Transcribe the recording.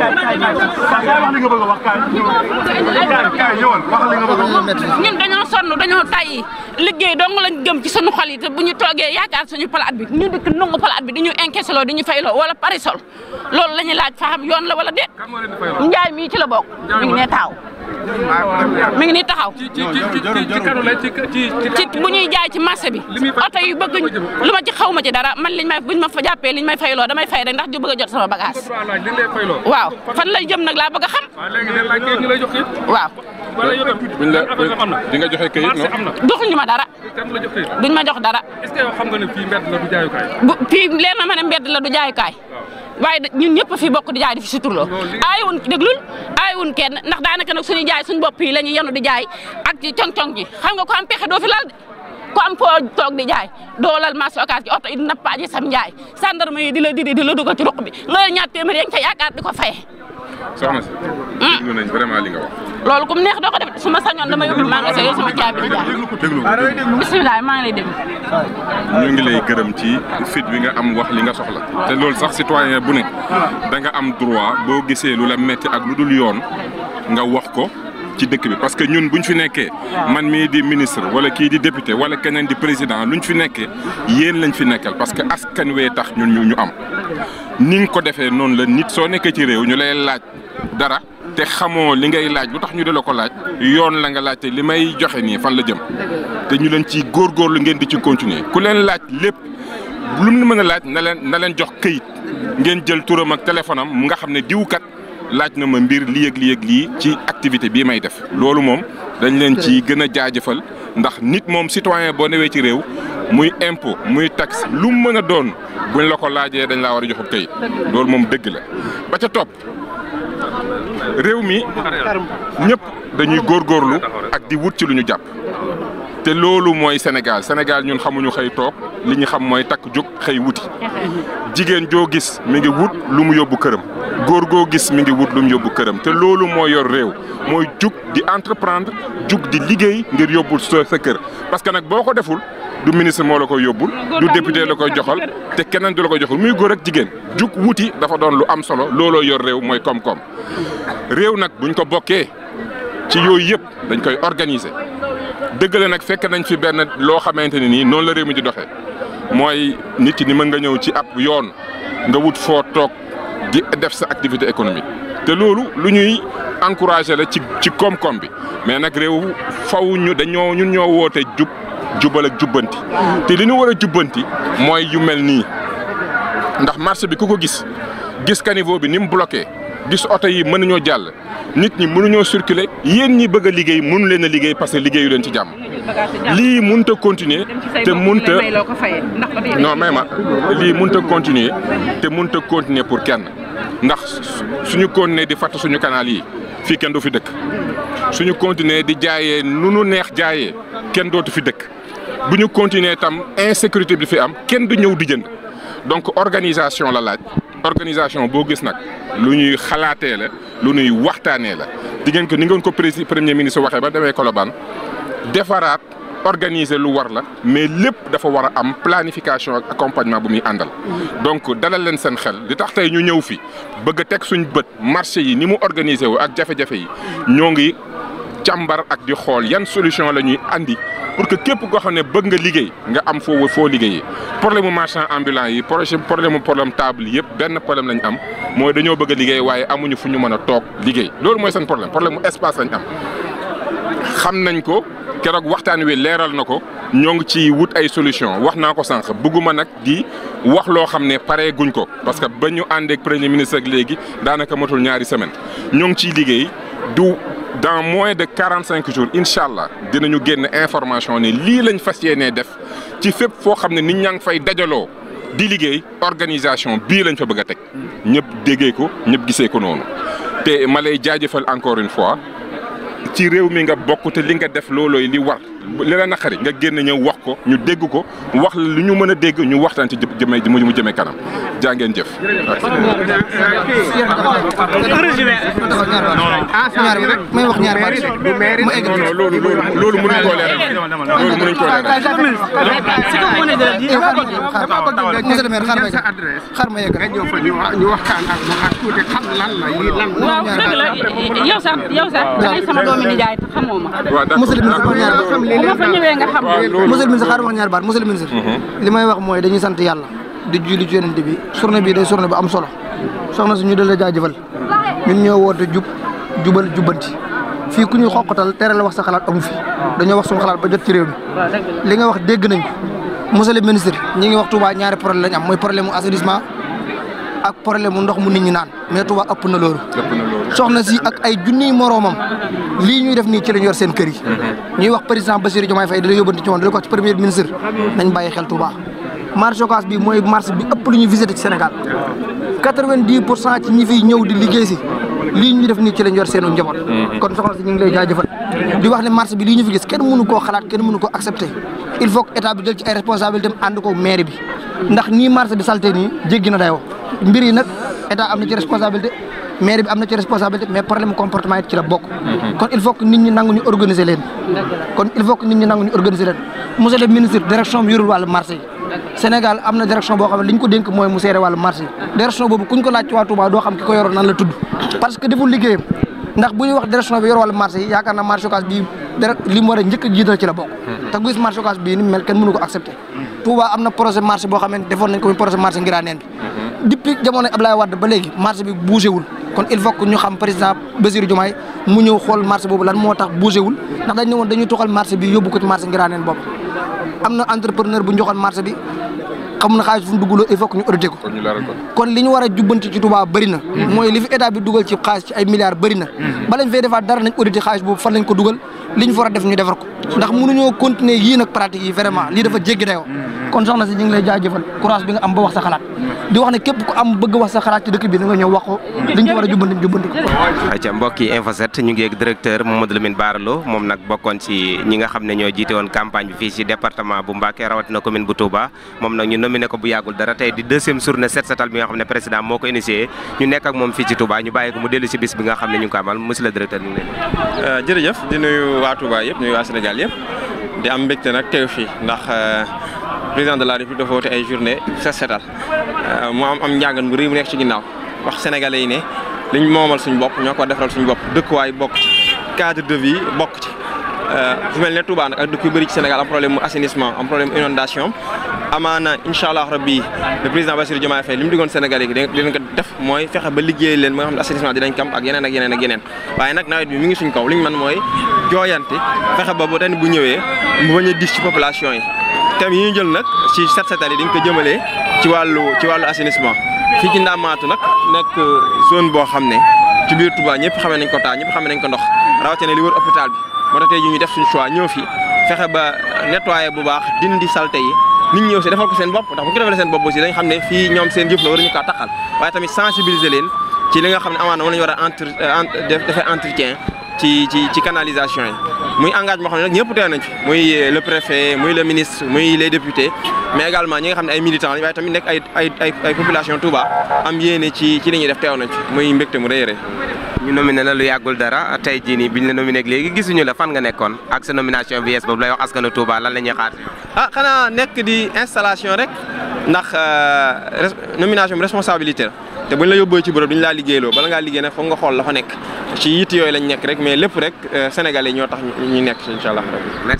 ñun dañoo sonn dañoo tàyyi liggéey dong lañ gëm ci suñu xol yi te bu ñu toogee yaakaar suñu palaat bi ñu dikk nangu palaat bi di ñu encaissé loo di ñu fayloo wala parisol loolu la ñuy laaj fa yoon la wala de njaay mii ci la bokk ñu ngi ne taaw mu ngi ni taxaw. ci ci ci kanu la ci ci bu ñuy jaay ci marché bi. oto yu bëgg lu ma ci xaw ma ci dara man liñ may buñ ma fa jàppee liñ may fayloo damay fay rek ndax ju bëgg a jot sama bagage. waaw fan lay jëm nag laa bëgg a xam. waaw. buñ la di nga joxe kayit noonu. joxuñu ma dara. duñ ma jox dara. est nga ne fii mbedd na ma ne mbedd la du jaayukaay. waaye ñun ñëpp fi bokk di jaay di fi suturloo aayuwun déglul aayuwun kenn ndax daanaka nag suñu jaay suñu bopp yi la ñuy yenu di jaay ak ci cong-cong ji xam nga ko am pexe doo fi laal ko am foo toog di jaay doolal marché occas gi oto it nappaaji sam njaay sandarma yi di la didi di la dugal ci ruq bi nga yor ñaar téeméer yaa ngi ca yaakaar di ko faye soxna si hmm? déglu loolu kum neex doo ko def su sañoon dama yóbbu maa nga sa yow sama caabi jaay maa ngi lay déglu ñu ngi lay gërëm ci fit bi nga am wax li nga soxla te loolu sax citoyen bu ne danga am droit boo gisee lu la metti ak lu dul yoon nga wax ko ci dëkk bi parce que ñun bu ñu fi nekkee man mii di ministre wala kii di député wala keneen di président lu ñu fi nekkee yéen lañ fi nekkal parce que askan wee tax ñun ñu ñu am ni ko defee noonu la nit soo nekkee ci réew ñu lay laaj dara te xamoo li ngay laaj lu tax ñu di la ko laaj yoon la nga laaj te li may joxe nii fan la jëm te ñu leen ci lu ngeen di ci continuer ku leen laaj lépp lu mu mën a laaj na leen na leen jox kayit ngeen jël turam ak téléphone am mu nga xam ne diwkat laaj na ma mbir lii yéeg lii ak lii ci activité bii may def loolu moom dañ leen ci gën a jaajëfal ndax nit moom citoyen boo newee ci réew muy impôt muy taxe lu mu mën a doon bu ñu la ko laajee dañ laa war a jox këyit loolu moom dëgg la réew mi ñëpp dañuy góorgóorlu ak di wut ci lu ñu jàpp te loolu mooy Sénégal Sénégal ñun xamuñu xëy toog li ñu xam mooy takk jóg xëy wuti jigéen joo gis mi ngi wut lu mu yóbbu këram góor goo gis mi ngi wut lu mu yóbbu këram te loolu moo yor réew mooy jug di entreprendre jug di liggéey ngir yóbbul sa sa kër parce que nag boo ko deful du ministre moo la koy yóbbul du député la koy joxal te keneen du la koy joxal muy góor ak jigéen jug wuti dafa doon lu am solo looloo yor réew mooy koom réew nag bu buñ ko bokkee ci yooyu yëpp dañ koy organiser dëgg nag fekk nañ fi benn loo xamante ne nii noonu la réew mi di doxe mooy nit ki ni mën nga ñëw ci ab yoon nga wut foo toog di def sa activité économique. te loolu lu ñuy encourager la ci ci koom bi mais nag réew faw ñu dañoo ñun ñoo woote jub jubal ak jubbanti mm. te li ñu war a jubbanti mooy yu mel nii ndax marché bi ku ko gis gis caniveau bi ni mu bloqué. gis oto yi mënuñoo jàll nit ñi mënuñoo circuler yéen ñi bëgg a liggéey mënu leen a liggéey parce que liggéeyu leen ci jàmm. lii mënut a continuer te mënut a may ma lii mënut a continuer te mënut a continuer pour kenn ndax suñu continuer di fatt suñu kanaal yi fii kenn du fi dëkk suñu continuer di jaayee nu nu neex jaayee kenn dootu fi dëkk bu ñu continuer tam insécurité bi fi am kenn du ñëw di jënd donc organisation la laaj. organisation boo gis nag lu ñuy xalaatee la lu ñuy waxtaanee la di ngeen ko ni ngeen ko président premier ministre waxee ba demee Colobane defaraat organiser lu war la mais lépp dafa war a am planification ak accompagnement bu muy àndal. donc dalal leen seen xel li tax tey ñu ñëw fi bëgg a teg suñ bët marché yi ni mu organiser wu ak jafe-jafe yi ñoo ngi. càmbar ak di xool yan solution la ñuy andi pour que képp koo xam ne bëgg nga liggéey nga am foo foo liggéeyee problème mu marchand ambulant yi projet problème mu problème table yëpp benn problème lañ am mooy dañoo bëgg liggéey waaye amuñu fu ñu mën a toog liggéey loolu mooy seen problème problème mu espace lañ am. xam nañ ko keroog waxtaan wi leeral na ko ñoo ngi ci wut ay solution wax naa ko sànq bëgguma nag di wax loo xam ne paree guñ ko parce que ba ñu àndeek premier ministre ak léegi daanaka matul ñaari semaine ñoo ngi ciy liggéey dans mois de quarante cinq jours incha allah dinañu génn information ni lii lañ fas yéenee def ci fépp foo xam ne nit ñaa ngi fay dajaloo di liggéey organisation bii lañ fa bëgg a teg ñëpp déggee ko ñëpp gisee ko noonu te ma lay jaajëfal encore une fois ci réew mi nga bokk li nga def loolooy li war. li la naqari nga génn ñëw wax ko ñu dégg ko wax la lu ñu mën a dégg ñu waxtaan ci jëmee mu jëmee kanam jaa ngeen jëf. may wax ñaar baat mu egg loolu loolu loolu mënuñ koo leeral loolu mënuñ koo leeral. monsieur le maire la yii lan la. waaw dëgg la yow sax boo fa ñëwee nga wax ñaar baat monsieur le ministre. Mhm. li may wax mooy dañuy sant yàlla di julli ci yonent bi journée bii day journée bu am solo soxna suñu dal la jaajëfal ñun ñoo woote jub jubal jubbanti fii ku ñuy xoqatal tere la wax sa xalaat amu fi dañoo wax suñu xalaat ba jot ci réew mi li nga wax dëgg nañ ko monsieur ministre ñi ngi wax Touba ñaari problème lañ am mooy problème mu ak problème mu ndox mu nit ñi naan mais Touba ëpp na loolu. soxna si ak ay junniy moroomam lii ñuy def nii ci lañ yor seen kër yi. Mhm. ñuy wax président Bassirou Diomaye Faye dina yóbbanti ci woon dina ko wax ci premier ministre nañ bàyyi bi mooy marché bi ëpp lu ñu visité ci Sénégal quatre vingt pour cent ci ñi fiy ñëw di liggéey si lii ñu def nii ci lañ yor seenu njaboot. Mhm. kon soxna si ñu ngi lay jaajëfal. di wax ne marché bi lii ñu fi gis kenn mënu ko xalaat kenn mënu ko accepté il faut que état bi jël ci ay responsabilités am ànd ko mairie bi ndax nii marché bi salté nii jéggi na dayoo. mbir yi nag état am na ci responsabilité mais problème comportement it ci la bokk. Mhm. kon il faut que nit ñi nangu ñu organiser leen. kon il faut que nit ñi nangu ñu organiser leen monsieur le ministre direction bi yorul wàllu marché yi. Sénégal am na direction boo xam ne li ñu ko dénk mooy mu seere wàllu marché direction boobu kuñ ko laaj ci waa Touba doo xam ki ko yoroon nan la tudd parce que deful liggéeyam. ndax bu ñuy wax direction bi yor wàllu marché yi yaakaar na marché Ocass bii dara li mu war a a jiital ci la bokk hmm. te ku gis marché Ocass bii ni mel kenn mënu ko accepté hmm. Touba am na projet marché boo xamante defoon nañ ko muy projet marché ngiraa neen bi hmm. depuis jamono Abdoulaye Wade ba léegi marché bi bougé wul kon il faut que ñu xam président Bassirou Diomaye mu ñëw xool marché boobu lan moo tax bougé wul ndax dañ ne woon dañuy toxal marché bi yóbbu ko ci marché ngiraa neen boobu bu ñu joxoon marché bi xam na xaalis fu mu dugaloo il faut que ñu audité ko kon li ñu war a jubbanti ci Touba bëri na mm-hmm. mooy li fi dugal ci xaalis ci ay milliards bëri na mm-hmm. ba lañ fay defaat dara nañ audité xaalis boobu fan lañ ko dugal li ñu fa war a def ñu defar ko ndax mënuñoo continuer yii nag pratique yi vraiment lii dafa jéggi kon soxna si ñu ngi lay jaajëfal courage bi nga am ba wax sa xalaat di wax ne képp ku am bëgg wax sa xalaat ci dëkk bi na nga a jubbanti jubbanti ko aca mbokk xam ne président moo ko initié ñu nekk moom fii ci Touba ñu bàyyi mu dellu ci bis bi nga xam ne ñu ngi ko amal monsieur le directeur ñu ngi leen euh, jërëjëf di nuyu waa Touba yëpp nuyu waa Sénégal yëpp di am mbégte nag teew fii ndax euh, président de la république dafa woote ay journée set setal euh, mu am am njàngan bu rëy mu nekk ci ginaaw wax sénégalais yi ne liñ moomal suñu bopp ñoo ko defaral suñu bopp dëkk waay bokk ci cadre de vie bokk ci euh, fu mel ne Touba nag ak dëkk yu bëri ci Sénégal am problème mu assainissement am problème inondation amaana incha allah rabbi le président Bassirou Diomaye Faye li mu diggoon Sénégalais yi dinañ ko def mooy fexe ba liggéey leen ba nga xam ne dinañ jooyanti fexe ba bu ren bu ñëwee mu bañ a ci population yi thème yi ñu jël nag ci set setal yi dañ ko jëmalee ci wàllu ci wàllu assainissement fii ci Ndamaatu nag nekk zone boo xam ne ci biir Touba ñëpp xamee nañ ko taa ñëpp xamee nañ ko ndox ñu def suñu choix ñëw fi fexe ba nettoyer bu baax dindi salte yi nit ñi aussi defal ko seen bopp ndax bu ko defalee seen bopp aussi dañ xam ne fii ñoom seen jëf la waruñu kaa taxal waaye tamit sensibiliser ci li nga xam ne amaana moom la ñu war a entre euh, defee entretien ci ci ci canalisation yi muy engagement xam ñëpp tee nañ ci muy euh, le préfet muy le ministre muy les députés mais également ñi nga xam ne ay militants lañ waaye tamit nekk ay ay am yéene ci ci li ñuy def teew nañ ci muy mbégte mu rëy rëy ñu nominé la lu yàggul dara tey jii nii biñ la nominé léegi gisuñu la fan nga nekkoon ak sa nomination VS boobu lay wax askanu Touba lan la ah, xanaa nekk di installation rek ndax euh, nomination responsabilité la te buñ la yóbboo ci bërëb duñ laa liggéeyloo bala ngaa liggéey nag foog nga xool la fa nekk ci yitt yooyu lañ nekk rek mais lépp rek euh, sénégalais ñoo tax ñu nekk ci incha allah